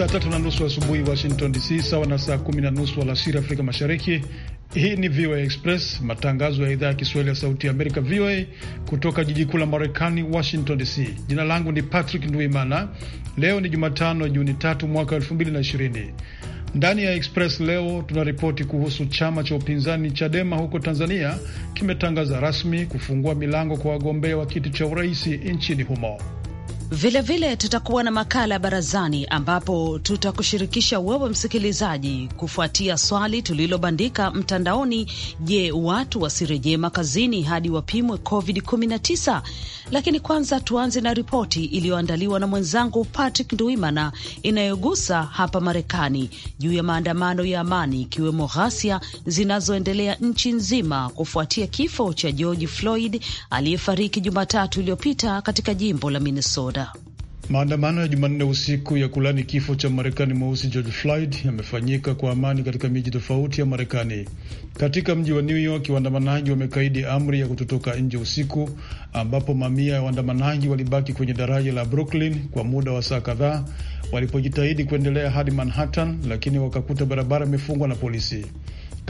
saa tatu na nusu asubuhi Washington DC, sawa na saa kumi na nusu alasiri Afrika Mashariki. Hii ni VOA Express, matangazo ya idhaa ya Kiswahili ya Sauti ya Amerika, VOA, kutoka jiji kuu la Marekani, Washington DC. Jina langu ni Patrick Nduimana. Leo ni Jumatano, Juni tatu mwaka elfu mbili na ishirini. Ndani ya Express leo tunaripoti kuhusu chama cha upinzani Chadema huko Tanzania kimetangaza rasmi kufungua milango kwa wagombea wa kiti cha uraisi nchini humo. Vilevile tutakuwa na makala ya barazani ambapo tutakushirikisha wewe msikilizaji, kufuatia swali tulilobandika mtandaoni: je, watu wasirejee makazini hadi wapimwe COVID-19? Lakini kwanza tuanze na ripoti iliyoandaliwa na mwenzangu Patrick Nduimana inayogusa hapa Marekani juu ya maandamano ya amani, ikiwemo ghasia zinazoendelea nchi nzima kufuatia kifo cha George Floyd aliyefariki Jumatatu iliyopita katika jimbo la Minnesota. Canada. Maandamano ya Jumanne usiku ya kulani kifo cha Marekani mweusi George Floyd yamefanyika kwa amani katika miji tofauti ya Marekani. Katika mji wa New York, waandamanaji wamekaidi amri ya kutotoka nje usiku, ambapo mamia ya waandamanaji walibaki kwenye daraja la Brooklyn kwa muda wa saa kadhaa walipojitahidi kuendelea hadi Manhattan, lakini wakakuta barabara imefungwa na polisi.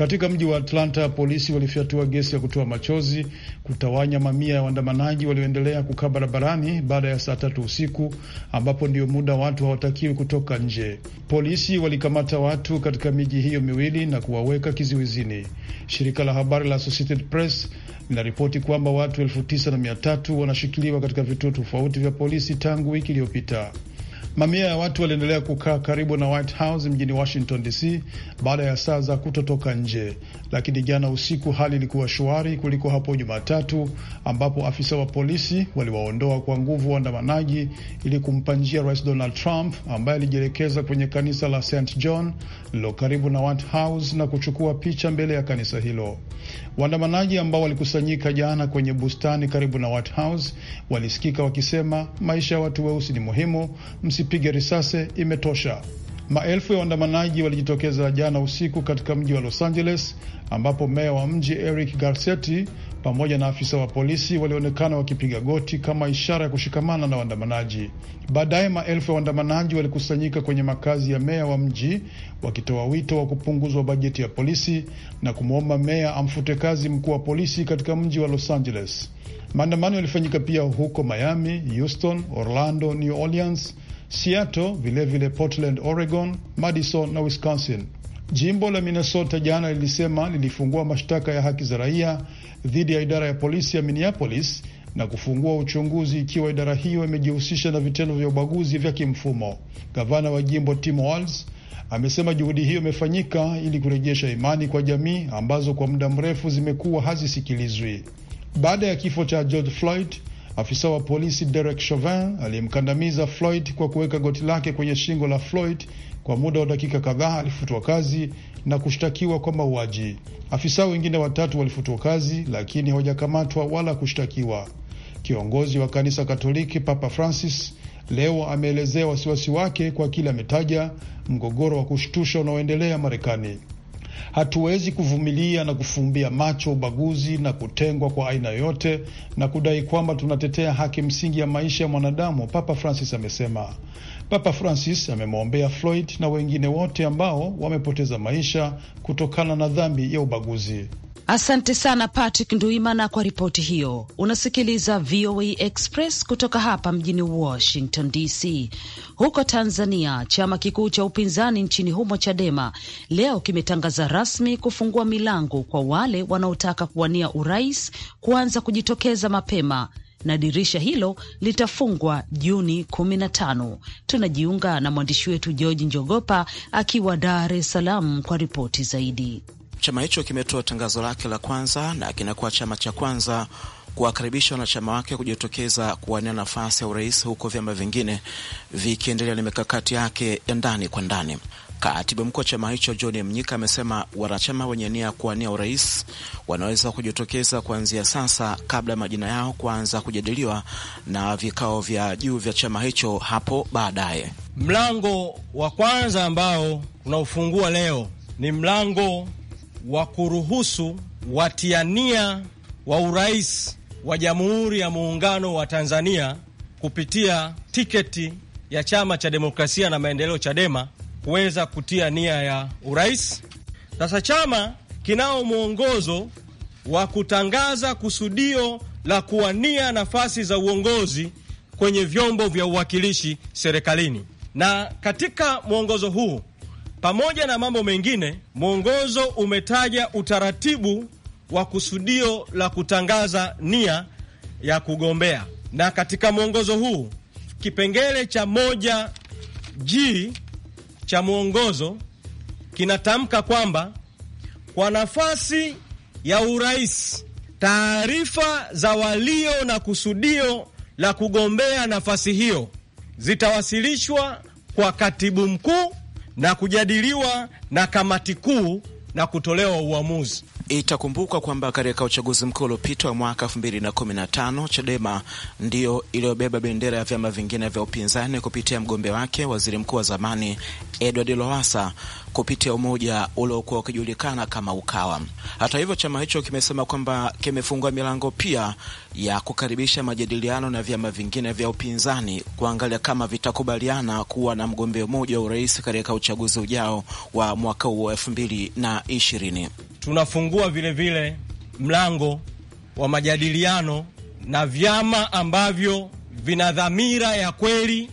Katika mji wa Atlanta, polisi walifyatua gesi ya kutoa machozi kutawanya mamia ya waandamanaji walioendelea kukaa barabarani baada ya saa tatu usiku, ambapo ndio muda watu hawatakiwi kutoka nje. Polisi walikamata watu katika miji hiyo miwili na kuwaweka kizuizini. Shirika la habari la Associated Press linaripoti kwamba watu elfu tisa na mia tatu wanashikiliwa katika vituo tofauti vya polisi tangu wiki iliyopita. Mamia ya watu waliendelea kukaa karibu na White House mjini Washington DC baada ya saa za kutotoka nje, lakini jana usiku hali ilikuwa shwari kuliko hapo Jumatatu, ambapo afisa wa polisi waliwaondoa kwa nguvu waandamanaji ili kumpa njia Rais Donald Trump ambaye alijielekeza kwenye kanisa la St John lililo karibu na White House na kuchukua picha mbele ya kanisa hilo. Waandamanaji ambao walikusanyika jana kwenye bustani karibu na White House walisikika wakisema maisha ya watu weusi ni muhimu, msi isipige risasi, imetosha. Maelfu ya waandamanaji walijitokeza jana usiku katika mji wa Los Angeles ambapo meya wa mji Eric Garcetti pamoja na afisa wa polisi walionekana wakipiga goti kama ishara ya kushikamana na waandamanaji. Baadaye maelfu ya waandamanaji walikusanyika kwenye makazi ya meya wa mji wakitoa wito wa kupunguzwa bajeti ya polisi na kumwomba meya amfute kazi mkuu wa polisi katika mji wa Los Angeles. Maandamano yalifanyika pia huko Miami, Houston, Orlando, New Orleans, Seattle, vilevile Portland, Oregon, Madison na Wisconsin. Jimbo la Minnesota jana lilisema lilifungua mashtaka ya haki za raia dhidi ya idara ya polisi ya Minneapolis na kufungua uchunguzi ikiwa idara hiyo imejihusisha na vitendo vya ubaguzi vya kimfumo. Gavana wa jimbo Tim Walz amesema juhudi hiyo imefanyika ili kurejesha imani kwa jamii ambazo kwa muda mrefu zimekuwa hazisikilizwi. Baada ya kifo cha George Floyd, Afisa wa polisi Derek Chauvin aliyemkandamiza Floyd kwa kuweka goti lake kwenye shingo la Floyd kwa muda wa dakika kadhaa alifutwa kazi na kushtakiwa kwa mauaji. Afisa wengine watatu walifutwa kazi lakini hawajakamatwa wala kushtakiwa. Kiongozi wa kanisa Katoliki Papa Francis leo ameelezea wasiwasi wake kwa kile ametaja mgogoro wa kushtusha unaoendelea Marekani. Hatuwezi kuvumilia na kufumbia macho ubaguzi na kutengwa kwa aina yoyote na kudai kwamba tunatetea haki msingi ya maisha ya mwanadamu, Papa Francis amesema. Papa Francis amemwombea Floyd na wengine wote ambao wamepoteza maisha kutokana na dhambi ya ubaguzi. Asante sana Patrick Nduimana kwa ripoti hiyo. Unasikiliza VOA Express kutoka hapa mjini Washington DC. Huko Tanzania, chama kikuu cha upinzani nchini humo Chadema leo kimetangaza rasmi kufungua milango kwa wale wanaotaka kuwania urais kuanza kujitokeza mapema na dirisha hilo litafungwa Juni kumi na tano. Tunajiunga na mwandishi wetu George Njogopa akiwa Dar es Salaam kwa ripoti zaidi. Chama hicho kimetoa tangazo lake la kwanza na kinakuwa chama cha kwanza kuwakaribisha wanachama wake kujitokeza kuwania nafasi ya urais, huko vyama vingine vikiendelea na mikakati yake ya ndani kwa ndani. Katibu mkuu wa chama hicho John Mnyika amesema wanachama wenye nia ya kuwania urais wanaweza kujitokeza kuanzia sasa, kabla ya majina yao kuanza kujadiliwa na vikao vya juu vya chama hicho hapo baadaye. Mlango wa kwanza ambao unaofungua leo ni mlango wa kuruhusu watiania wa urais wa Jamhuri ya Muungano wa Tanzania kupitia tiketi ya Chama cha Demokrasia na Maendeleo, Chadema, kuweza kutia nia ya urais. Sasa chama kinao mwongozo wa kutangaza kusudio la kuwania nafasi za uongozi kwenye vyombo vya uwakilishi serikalini, na katika mwongozo huu pamoja na mambo mengine, mwongozo umetaja utaratibu wa kusudio la kutangaza nia ya kugombea, na katika mwongozo huu kipengele cha moja G cha mwongozo kinatamka kwamba kwa nafasi ya urais, taarifa za walio na kusudio la kugombea nafasi hiyo zitawasilishwa kwa katibu mkuu na kujadiliwa na kamati kuu na kutolewa uamuzi. Itakumbuka kwamba katika uchaguzi mkuu uliopita wa mwaka 2015 Chadema ndiyo iliyobeba bendera ya vyama vingine vya upinzani kupitia mgombea wake waziri mkuu wa zamani Edward lowasa kupitia umoja uliokuwa ukijulikana kama Ukawa. Hata hivyo, chama hicho kimesema kwamba kimefungua milango pia ya kukaribisha majadiliano na vyama vingine vya upinzani kuangalia kama vitakubaliana kuwa na mgombea mmoja wa urais katika uchaguzi ujao wa mwaka huu elfu mbili na ishirini tunafungua vilevile vile mlango wa majadiliano na vyama ambavyo vina dhamira ya kweli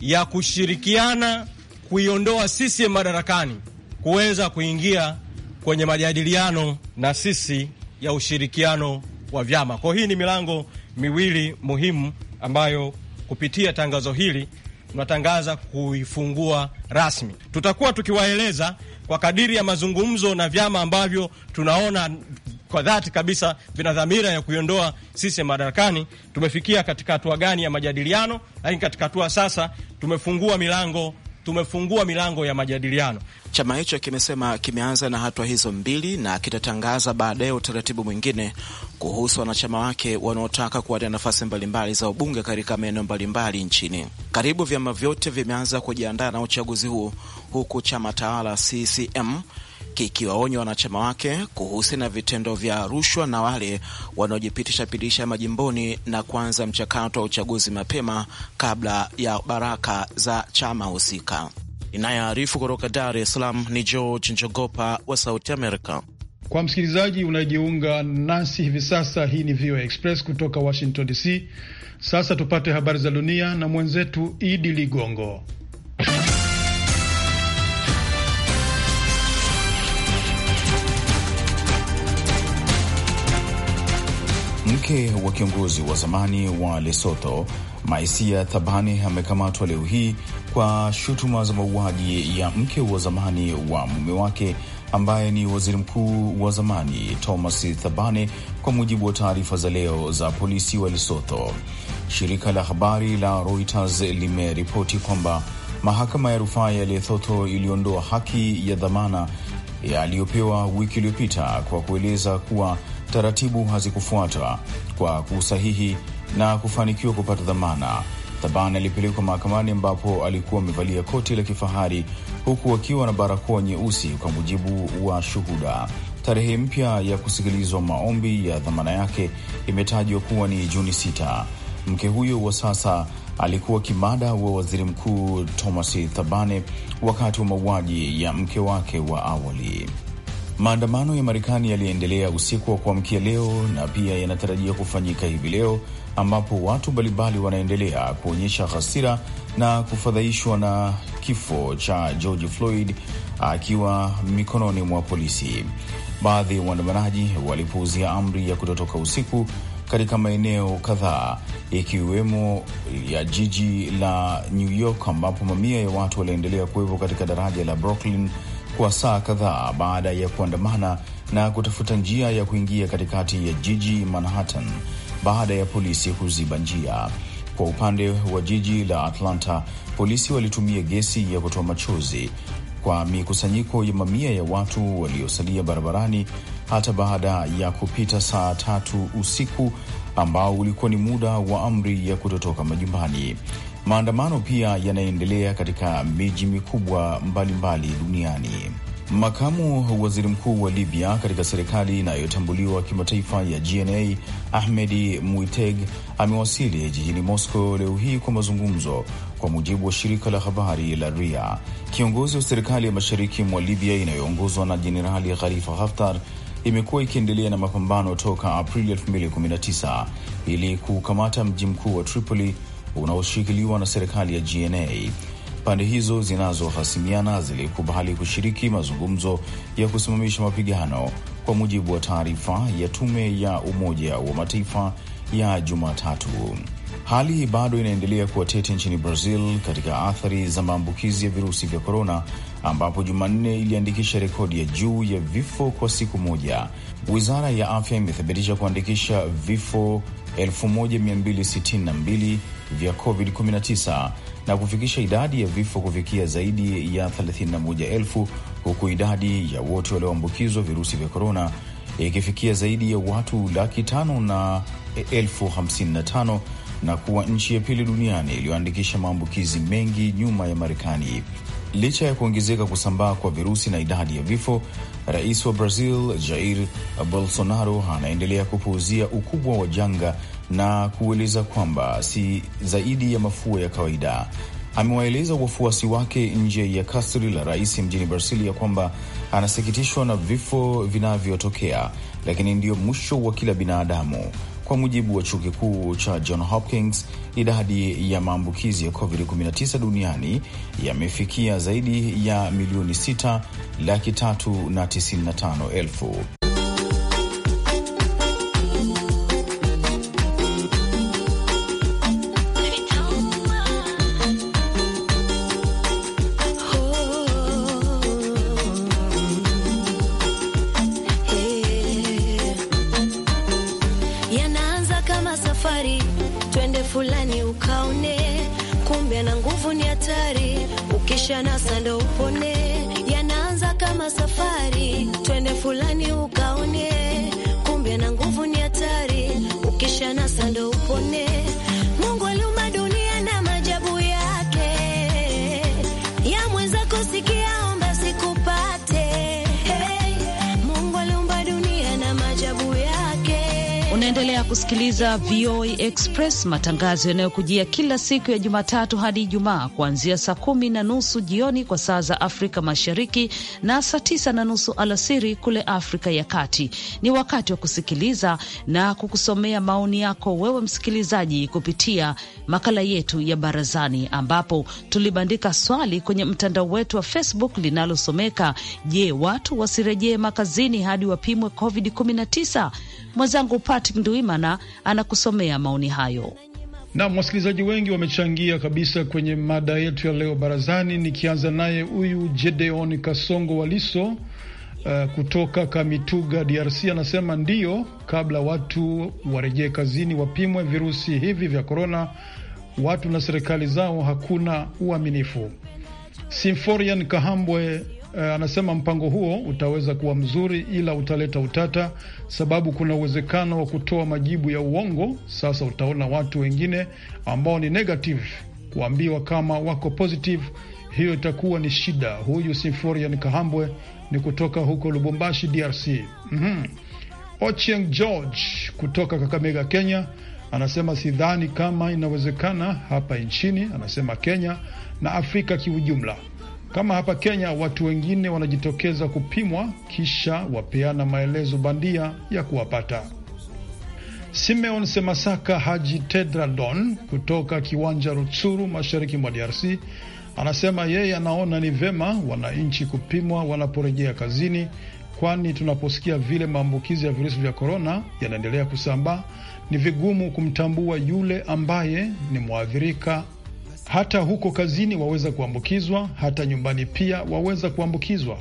ya kushirikiana kuiondoa CCM madarakani kuweza kuingia kwenye majadiliano na sisi ya ushirikiano wa vyama. Kwa hii ni milango miwili muhimu ambayo kupitia tangazo hili tunatangaza kuifungua rasmi. Tutakuwa tukiwaeleza kwa kadiri ya mazungumzo na vyama ambavyo tunaona kwa dhati kabisa vina dhamira ya kuiondoa sisi madarakani. Tumefikia katika hatua gani ya majadiliano, lakini katika hatua sasa tumefungua milango tumefungua milango ya majadiliano. Chama hicho kimesema kimeanza na hatua hizo mbili na kitatangaza baadaye utaratibu mwingine kuhusu wanachama wake wanaotaka kuwania nafasi mbalimbali za ubunge katika maeneo mbalimbali nchini. Karibu vyama vyote vimeanza kujiandaa na uchaguzi huo, huku chama tawala CCM kikiwaonya wanachama wake kuhusi na vitendo vya rushwa na wale wanaojipitisha pitisha majimboni na kuanza mchakato wa uchaguzi mapema kabla ya baraka za chama husika. Inayoarifu kutoka Dar es Salaam ni George Njogopa wa Sauti Amerika. Kwa msikilizaji unajiunga nasi hivi sasa, hii ni VOA Express kutoka Washington DC. Sasa tupate habari za dunia na mwenzetu Idi Ligongo. Mke wa kiongozi wa zamani wa Lesotho Maisia Thabane amekamatwa leo hii kwa shutuma za mauaji ya mke wa zamani wa mume wake ambaye ni waziri mkuu wa zamani Thomas Thabane, kwa mujibu wa taarifa za leo za polisi wa Lesotho. Shirika la habari la Reuters limeripoti kwamba mahakama ya rufaa ya Lesotho iliondoa haki ya dhamana yaliyopewa wiki iliyopita kwa kueleza kuwa taratibu hazikufuatwa kwa kusahihi na kufanikiwa kupata dhamana. thabane alipelekwa mahakamani ambapo alikuwa amevalia koti la kifahari huku akiwa na barakoa nyeusi, kwa mujibu wa shuhuda. Tarehe mpya ya kusikilizwa maombi ya dhamana yake imetajwa kuwa ni Juni sita. Mke huyo wa sasa alikuwa kimada wa waziri mkuu Thomas Thabane wakati wa mauaji ya mke wake wa awali. Maandamano ya Marekani yaliendelea usiku wa kuamkia leo na pia yanatarajia kufanyika hivi leo, ambapo watu mbalimbali wanaendelea kuonyesha hasira na kufadhaishwa na kifo cha George Floyd akiwa mikononi mwa polisi. Baadhi ya waandamanaji walipuuzia amri ya kutotoka usiku katika maeneo kadhaa ikiwemo ya jiji la New York ambapo mamia ya watu waliendelea kuwepo katika daraja la Brooklyn kwa saa kadhaa baada ya kuandamana na kutafuta njia ya kuingia katikati ya jiji Manhattan baada ya polisi kuziba njia. Kwa upande wa jiji la Atlanta, polisi walitumia gesi ya kutoa machozi kwa mikusanyiko ya mamia ya watu waliosalia barabarani hata baada ya kupita saa tatu usiku ambao ulikuwa ni muda wa amri ya kutotoka majumbani. Maandamano pia yanaendelea katika miji mikubwa mbalimbali duniani. Makamu waziri mkuu wa Libya katika serikali inayotambuliwa kimataifa ya GNA Ahmedi Muiteg amewasili jijini Moscow leo hii kwa mazungumzo, kwa mujibu wa shirika la habari la Ria. Kiongozi wa serikali ya mashariki mwa Libya inayoongozwa na Jenerali Khalifa Haftar imekuwa ikiendelea na mapambano toka Aprili 2019 ili kukamata mji mkuu wa Tripoli unaoshikiliwa na serikali ya GNA. Pande hizo zinazohasimiana zilikubali kushiriki mazungumzo ya kusimamisha mapigano, kwa mujibu wa taarifa ya tume ya Umoja wa Mataifa ya Jumatatu. Hali bado inaendelea kuwa tete nchini Brazil katika athari za maambukizi ya virusi vya korona, ambapo Jumanne iliandikisha rekodi ya juu ya vifo kwa siku moja. Wizara ya afya imethibitisha kuandikisha vifo 1262 vya COVID-19 na kufikisha idadi ya vifo kufikia zaidi ya 31,000 huku idadi ya wote walioambukizwa virusi vya korona ikifikia zaidi ya watu laki tano na elfu hamsini na tano na kuwa nchi ya pili duniani iliyoandikisha maambukizi mengi nyuma ya Marekani. Licha ya kuongezeka kusambaa kwa virusi na idadi ya vifo, rais wa Brazil Jair Bolsonaro anaendelea kupuuzia ukubwa wa janga na kueleza kwamba si zaidi ya mafua ya kawaida. Amewaeleza wafuasi wake nje ya kasri la rais mjini Brasilia kwamba anasikitishwa na vifo vinavyotokea, lakini ndiyo mwisho wa kila binadamu, kwa mujibu wa chuo kikuu cha John Hopkins idadi ya maambukizi ya COVID-19 duniani yamefikia zaidi ya milioni 6 laki tatu na 95 elfu. aone, kumbe ana nguvu, ni hatari, ukisha nasa ndo upone. Yanaanza kama safari, twende fulani ukaone, kumbe ana nguvu, ni hatari, ukisha nasa ndo upone kusikiliza VOA Express, matangazo yanayokujia kila siku ya Jumatatu hadi Ijumaa kuanzia saa kumi na nusu jioni kwa saa za Afrika Mashariki na saa tisa na nusu alasiri kule Afrika ya Kati. Ni wakati wa kusikiliza na kukusomea maoni yako wewe msikilizaji, kupitia makala yetu ya Barazani, ambapo tulibandika swali kwenye mtandao wetu wa Facebook linalosomeka: Je, watu wasirejee makazini hadi wapimwe COVID-19? Mwenzangu Patrick Nduimana anakusomea maoni hayo. Nam, wasikilizaji wengi wamechangia kabisa kwenye mada yetu ya leo barazani, nikianza naye huyu Gedeon Kasongo Waliso uh, eh, kutoka Kamituga, DRC anasema ndiyo, kabla watu warejee kazini wapimwe virusi hivi vya korona. Watu na serikali zao hakuna uaminifu. Simforian Kahambwe Uh, anasema mpango huo utaweza kuwa mzuri ila utaleta utata, sababu kuna uwezekano wa kutoa majibu ya uongo. Sasa utaona watu wengine ambao ni negative kuambiwa kama wako positive, hiyo itakuwa ni shida. Huyu simforian Kahambwe ni kutoka huko Lubumbashi, DRC. mm -hmm. Ochieng George kutoka Kakamega, Kenya anasema sidhani kama inawezekana hapa nchini, anasema Kenya na Afrika kiujumla kama hapa Kenya, watu wengine wanajitokeza kupimwa kisha wapeana maelezo bandia ya kuwapata. Simeon Semasaka Haji Tedradon kutoka kiwanja Rutsuru, mashariki mwa DRC, anasema yeye anaona ni vema wananchi kupimwa wanaporejea kazini, kwani tunaposikia vile maambukizi ya virusi vya korona yanaendelea kusambaa, ni vigumu kumtambua yule ambaye ni mwathirika hata huko kazini waweza kuambukizwa, hata nyumbani pia waweza kuambukizwa,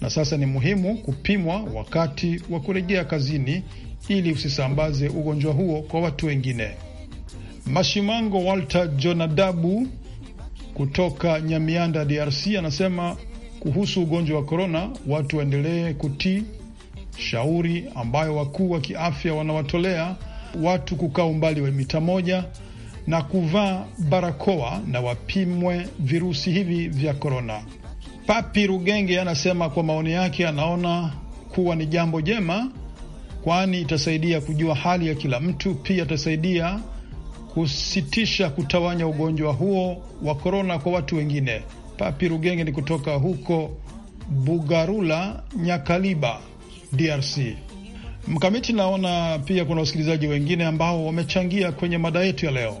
na sasa ni muhimu kupimwa wakati wa kurejea kazini ili usisambaze ugonjwa huo kwa watu wengine. Mashimango Walter Jonadabu kutoka Nyamianda, DRC, anasema kuhusu ugonjwa wa korona, watu waendelee kutii shauri ambayo wakuu wa kiafya wanawatolea watu kukaa umbali wa mita moja na kuvaa barakoa na wapimwe virusi hivi vya korona. Papi Rugenge anasema kwa maoni yake, anaona kuwa ni jambo jema, kwani itasaidia kujua hali ya kila mtu. Pia itasaidia kusitisha kutawanya ugonjwa huo wa korona kwa watu wengine. Papi Rugenge ni kutoka huko Bugarula, Nyakaliba, DRC. Mkamiti, naona pia kuna wasikilizaji wengine ambao wamechangia kwenye mada yetu ya leo.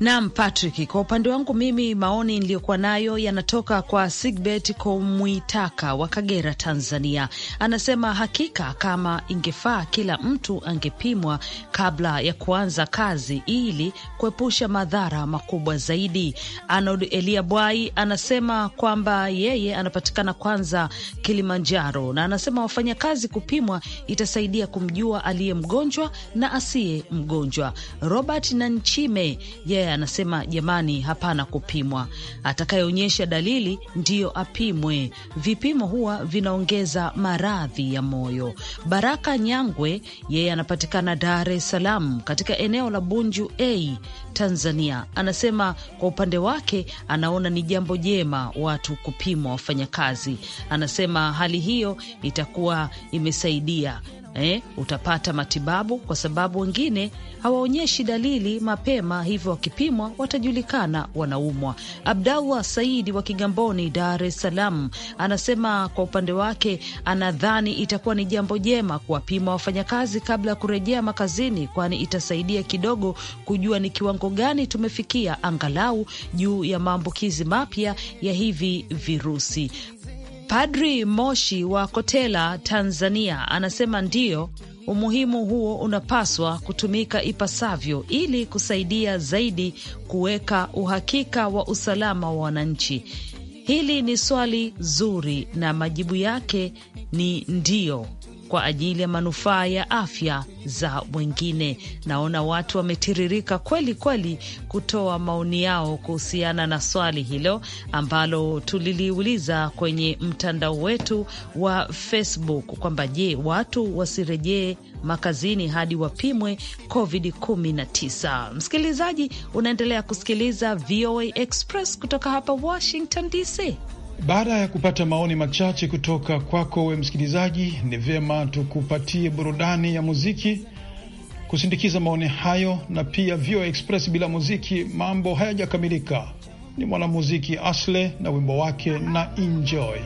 Naam, Patrick, kwa upande wangu mimi maoni niliyokuwa nayo yanatoka kwa Sigbet Komwitaka wa Kagera, Tanzania. Anasema hakika kama ingefaa kila mtu angepimwa kabla ya kuanza kazi ili kuepusha madhara makubwa zaidi. Arnold Elia Bwai anasema kwamba yeye anapatikana kwanza Kilimanjaro, na anasema wafanyakazi kupimwa itasaidia kumjua aliye mgonjwa na asiye mgonjwa. Robert Nanchime yeye ambaye anasema jamani, hapana kupimwa, atakayeonyesha dalili ndiyo apimwe. Vipimo huwa vinaongeza maradhi ya moyo. Baraka Nyangwe yeye anapatikana Dar es Salaam katika eneo la Bunju A Tanzania, anasema kwa upande wake anaona ni jambo jema watu kupimwa wafanyakazi. Anasema hali hiyo itakuwa imesaidia eh, utapata matibabu kwa sababu wengine hawaonyeshi dalili mapema, hivyo wakipimwa watajulikana wanaumwa. Abdallah Saidi wa Kigamboni, Dar es Salaam, anasema kwa upande wake anadhani itakuwa ni jambo jema kuwapima wafanyakazi kabla ya kurejea makazini, kwani itasaidia kidogo kujua ni kiwango gani tumefikia angalau juu ya maambukizi mapya ya hivi virusi. Padri Moshi wa Kotela, Tanzania, anasema ndiyo, umuhimu huo unapaswa kutumika ipasavyo ili kusaidia zaidi kuweka uhakika wa usalama wa wananchi. Hili ni swali zuri na majibu yake ni ndiyo kwa ajili ya manufaa ya afya za wengine. Naona watu wametiririka kweli kweli kutoa maoni yao kuhusiana na swali hilo ambalo tuliliuliza kwenye mtandao wetu wa Facebook kwamba je, watu wasirejee makazini hadi wapimwe Covid 19. Msikilizaji, unaendelea kusikiliza VOA Express kutoka hapa Washington DC. Baada ya kupata maoni machache kutoka kwako we msikilizaji, ni vyema tukupatie burudani ya muziki kusindikiza maoni hayo, na pia VOA Express bila muziki mambo hayajakamilika. Ni mwanamuziki Asle na wimbo wake na enjoy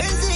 Then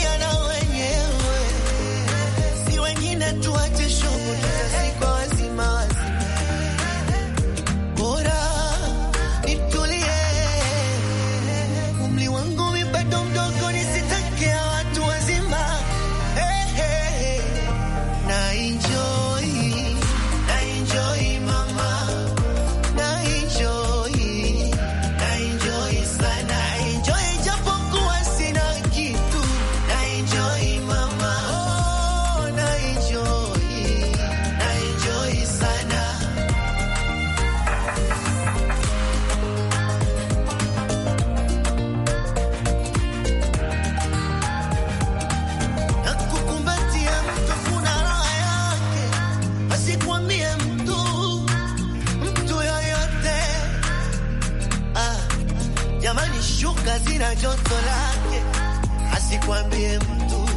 Nyota zina joto lake, asikwambie mtu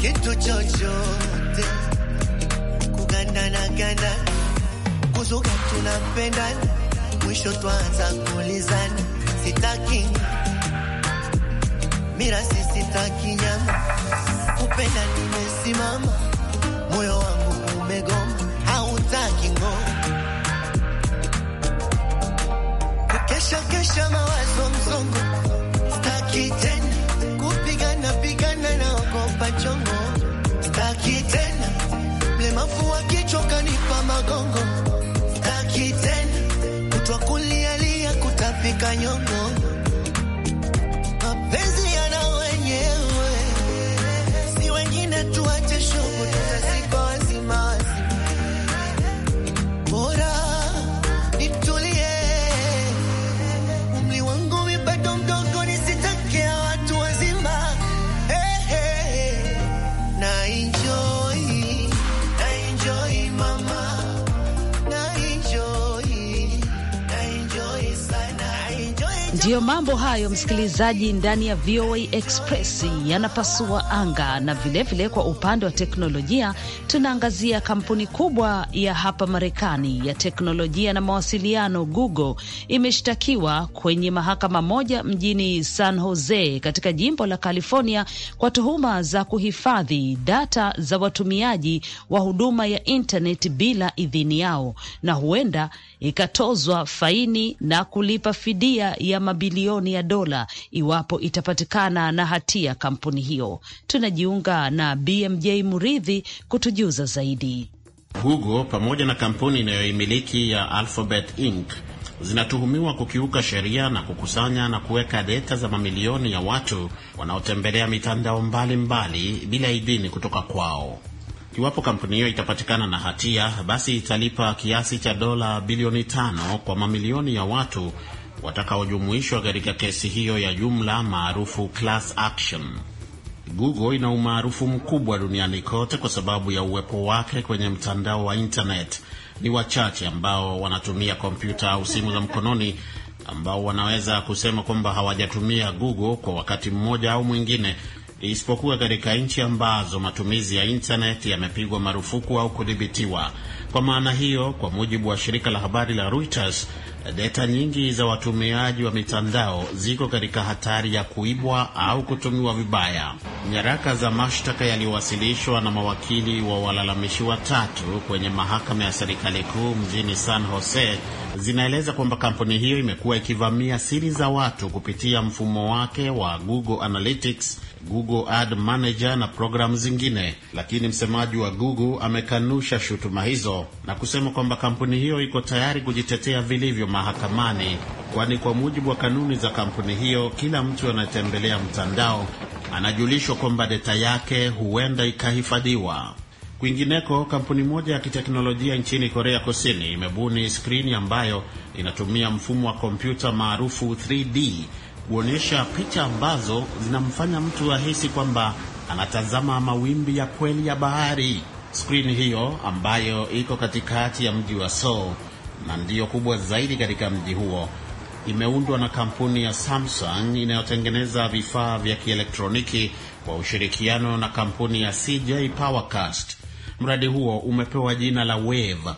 kitu chochote, kuganda na ganda kuzuka, tunapendana mwisho twanza kuulizana, sitaki mirasi, sitaki nyama, kupenda nimesimama, moyo wangu umegoma, hautaki ngoma kashakesha mawazo msongo, staki tena kupigana pigana na wakopa chongo, staki tena mlemavu wa kichwa kanipa magongo, staki tena kutwa kulialia kutapika nyongo, mapenzi yana wenyewe, si wengine tuache Ndiyo mambo hayo, msikilizaji, ndani ya VOA Express yanapasua anga. Na vilevile vile, kwa upande wa teknolojia, tunaangazia kampuni kubwa ya hapa Marekani ya teknolojia na mawasiliano Google imeshtakiwa kwenye mahakama moja mjini San Jose katika jimbo la California kwa tuhuma za kuhifadhi data za watumiaji wa huduma ya intaneti bila idhini yao, na huenda ikatozwa faini na kulipa fidia ya mabilioni ya dola iwapo itapatikana na hatia kampuni hiyo. Tunajiunga na BMJ Muridhi kutujuza zaidi. Google pamoja na kampuni inayoimiliki ya Alphabet Inc zinatuhumiwa kukiuka sheria na kukusanya na kuweka deta za mamilioni ya watu wanaotembelea mitandao mbalimbali bila idhini kutoka kwao. Iwapo kampuni hiyo itapatikana na hatia, basi italipa kiasi cha dola bilioni tano kwa mamilioni ya watu watakaojumuishwa katika kesi hiyo ya jumla maarufu class action. Google ina umaarufu mkubwa duniani kote kwa sababu ya uwepo wake kwenye mtandao wa internet. Ni wachache ambao wanatumia kompyuta au simu za mkononi ambao wanaweza kusema kwamba hawajatumia Google kwa wakati mmoja au mwingine, isipokuwa katika nchi ambazo matumizi ya internet yamepigwa marufuku au kudhibitiwa. Kwa maana hiyo, kwa mujibu wa shirika la habari la Reuters, data nyingi za watumiaji wa mitandao ziko katika hatari ya kuibwa au kutumiwa vibaya. Nyaraka za mashtaka yaliyowasilishwa na mawakili wa walalamishi watatu kwenye mahakama ya serikali kuu mjini San Jose zinaeleza kwamba kampuni hiyo imekuwa ikivamia siri za watu kupitia mfumo wake wa Google Analytics Google Ad Manager na programu zingine, lakini msemaji wa Google amekanusha shutuma hizo na kusema kwamba kampuni hiyo iko tayari kujitetea vilivyo mahakamani, kwani kwa mujibu wa kanuni za kampuni hiyo, kila mtu anayetembelea mtandao anajulishwa kwamba data yake huenda ikahifadhiwa. Kwingineko, kampuni moja ya kiteknolojia nchini Korea Kusini imebuni skrini ambayo inatumia mfumo wa kompyuta maarufu 3D huonyesha picha ambazo zinamfanya mtu ahisi kwamba anatazama mawimbi ya kweli ya bahari. Skrini hiyo ambayo iko katikati ya mji wa Seoul na ndiyo kubwa zaidi katika mji huo imeundwa na kampuni ya Samsung inayotengeneza vifaa vya kielektroniki kwa ushirikiano na kampuni ya CJ Powercast. Mradi huo umepewa jina la Wave.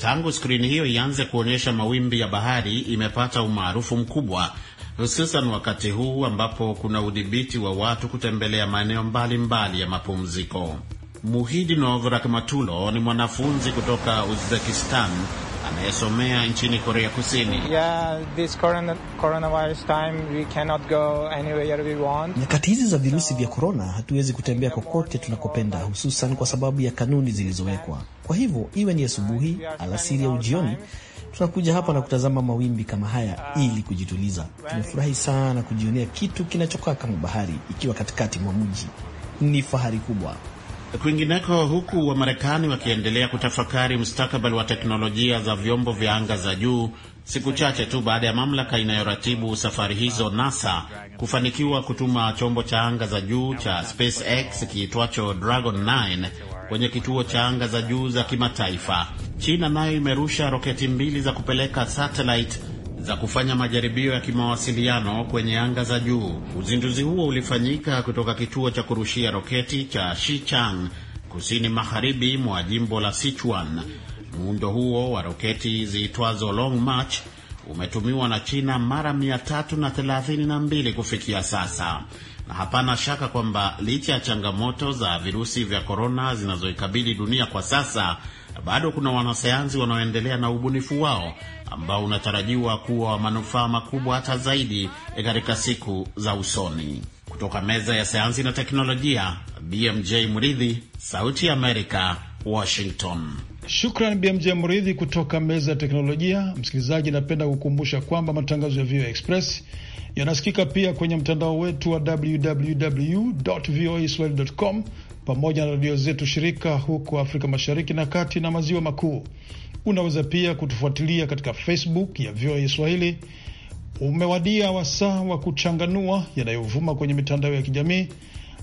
Tangu skrini hiyo ianze kuonyesha mawimbi ya bahari, imepata umaarufu mkubwa hususan wakati huu ambapo kuna udhibiti wa watu kutembelea maeneo mbalimbali ya mapumziko. Muhidinov Rakhmatullo ni mwanafunzi kutoka Uzbekistan anayesomea nchini Korea Kusini. Yeah, this corona, coronavirus time we cannot go anywhere we want. Nyakati hizi za virusi vya korona hatuwezi kutembea kokote tunakopenda, hususan kwa sababu ya kanuni zilizowekwa. Kwa hivyo iwe ni asubuhi, alasiri au jioni, tunakuja hapa na kutazama mawimbi kama haya ili kujituliza. Tumefurahi sana kujionea kitu kinachokaa kama bahari ikiwa katikati mwa mji, ni fahari kubwa. Kwingineko, huku Wamarekani wakiendelea kutafakari mustakabali wa teknolojia za vyombo vya anga za juu, siku chache tu baada ya mamlaka inayoratibu safari hizo NASA kufanikiwa kutuma chombo cha anga za juu cha SpaceX kiitwacho Dragon 9 kwenye kituo cha anga za juu za kimataifa. China nayo imerusha roketi mbili za kupeleka satellite za kufanya majaribio ya kimawasiliano kwenye anga za juu. Uzinduzi huo ulifanyika kutoka kituo cha kurushia roketi cha Shichang kusini magharibi mwa jimbo la Sichuan. Muundo huo wa roketi ziitwazo Long March umetumiwa na China mara 332 kufikia sasa na hapana shaka kwamba licha ya changamoto za virusi vya korona zinazoikabili dunia kwa sasa, bado kuna wanasayansi wanaoendelea na ubunifu wao ambao unatarajiwa kuwa wa manufaa makubwa hata zaidi eh, katika siku za usoni. Kutoka meza ya sayansi na teknolojia, BMJ Mridhi, Sauti ya Amerika, Washington. Shukran BMJ Mridhi kutoka meza ya teknolojia. Msikilizaji, napenda kukumbusha kwamba matangazo ya VOA Express yanasikika pia kwenye mtandao wetu wa www voa com pamoja na redio zetu shirika huko Afrika Mashariki na kati na maziwa makuu. Unaweza pia kutufuatilia katika Facebook ya VOA Swahili. Umewadia wasaa wa kuchanganua yanayovuma kwenye mitandao ya kijamii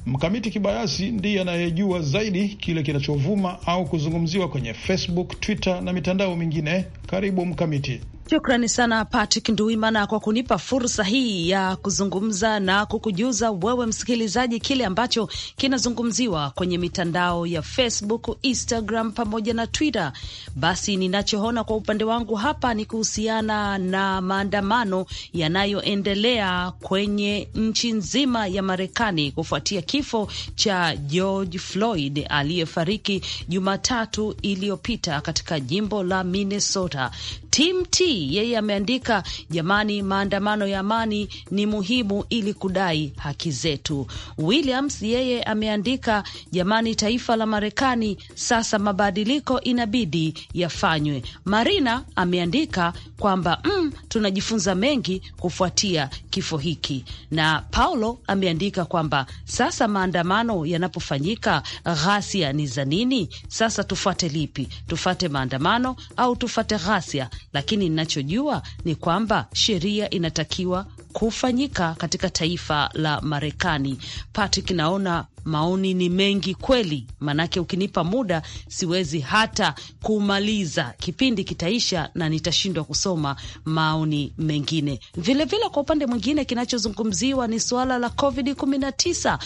Mkamiti Kibayasi ndiye anayejua zaidi kile kinachovuma au kuzungumziwa kwenye Facebook, Twitter na mitandao mingine. Karibu Mkamiti. Shukrani sana Patrick Nduimana kwa kunipa fursa hii ya kuzungumza na kukujuza wewe msikilizaji kile ambacho kinazungumziwa kwenye mitandao ya Facebook, Instagram pamoja na Twitter. Basi ninachoona kwa upande wangu hapa ni kuhusiana na maandamano yanayoendelea kwenye nchi nzima ya Marekani kufuatia kifo cha George Floyd aliyefariki Jumatatu iliyopita katika jimbo la Minnesota. Tim T yeye ameandika, jamani, maandamano ya amani ni muhimu ili kudai haki zetu. Williams yeye ameandika, jamani, taifa la Marekani sasa mabadiliko inabidi yafanywe. Marina ameandika kwamba mm, tunajifunza mengi kufuatia kifo hiki, na Paulo ameandika kwamba sasa maandamano yanapofanyika, ghasia ni za nini? Sasa tufuate lipi? Tufuate maandamano au tufuate ghasia? Lakini na ninachojua ni kwamba sheria inatakiwa kufanyika katika taifa la Marekani. Patrick, naona maoni ni mengi kweli, manake ukinipa muda siwezi hata kumaliza, kipindi kitaisha na nitashindwa kusoma maoni mengine. Vilevile vile kwa upande mwingine, kinachozungumziwa ni suala la COVID 19.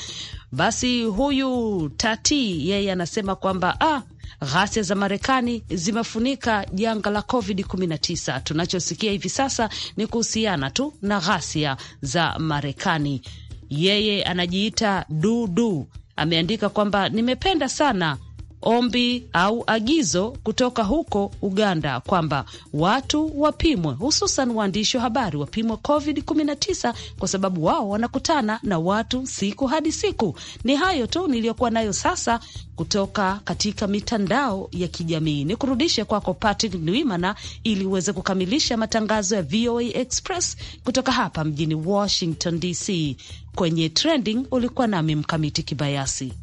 Basi huyu Tati yeye anasema kwamba ah, Ghasia za Marekani zimefunika janga la COVID-19. Tunachosikia hivi sasa ni kuhusiana tu na ghasia za Marekani. Yeye anajiita Dudu, ameandika kwamba nimependa sana ombi au agizo kutoka huko Uganda kwamba watu wapimwe, hususan waandishi wa habari wapimwe COVID-19 kwa sababu wao wanakutana na watu siku hadi siku. Ni hayo tu niliyokuwa nayo sasa kutoka katika mitandao ya kijamii. Ni kurudishe kwako Patrick Nwimana ili uweze kukamilisha matangazo ya VOA Express kutoka hapa mjini Washington DC. Kwenye trending ulikuwa nami Mkamiti Kibayasi.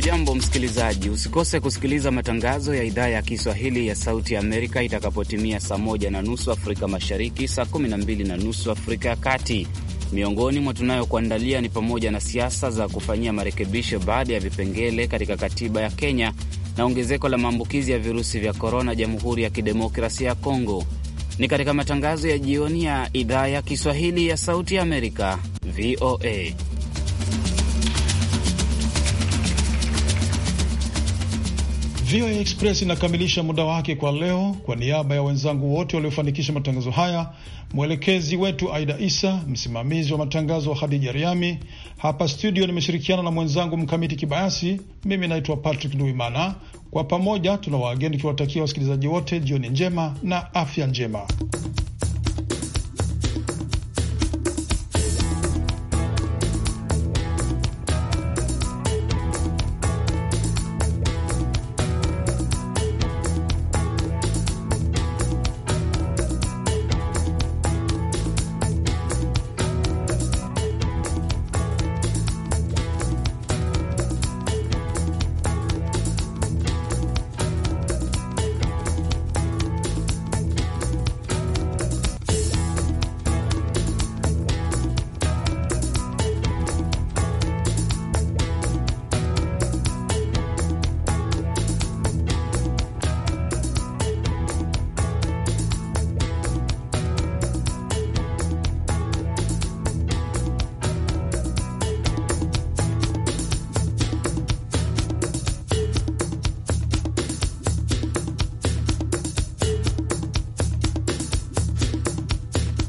Hujambo msikilizaji, usikose kusikiliza matangazo ya idhaa ya Kiswahili ya Sauti Amerika itakapotimia saa moja na nusu Afrika Mashariki, saa kumi na mbili na nusu Afrika ya Kati. Miongoni mwa tunayokuandalia ni pamoja na siasa za kufanyia marekebisho baada ya vipengele katika katiba ya Kenya na ongezeko la maambukizi ya virusi vya korona Jamhuri ya Kidemokrasia ya Kongo. Ni katika matangazo ya jioni ya idhaa ya Kiswahili ya Sauti Amerika, VOA. VOA Express inakamilisha muda wake kwa leo. Kwa niaba ya wenzangu wote waliofanikisha matangazo haya, mwelekezi wetu Aida Isa, msimamizi wa matangazo wa Hadija Riami, hapa studio nimeshirikiana na mwenzangu Mkamiti Kibayasi, mimi naitwa Patrick Nduimana. Kwa pamoja tuna waageni tukiwatakia wasikilizaji wote jioni njema na afya njema.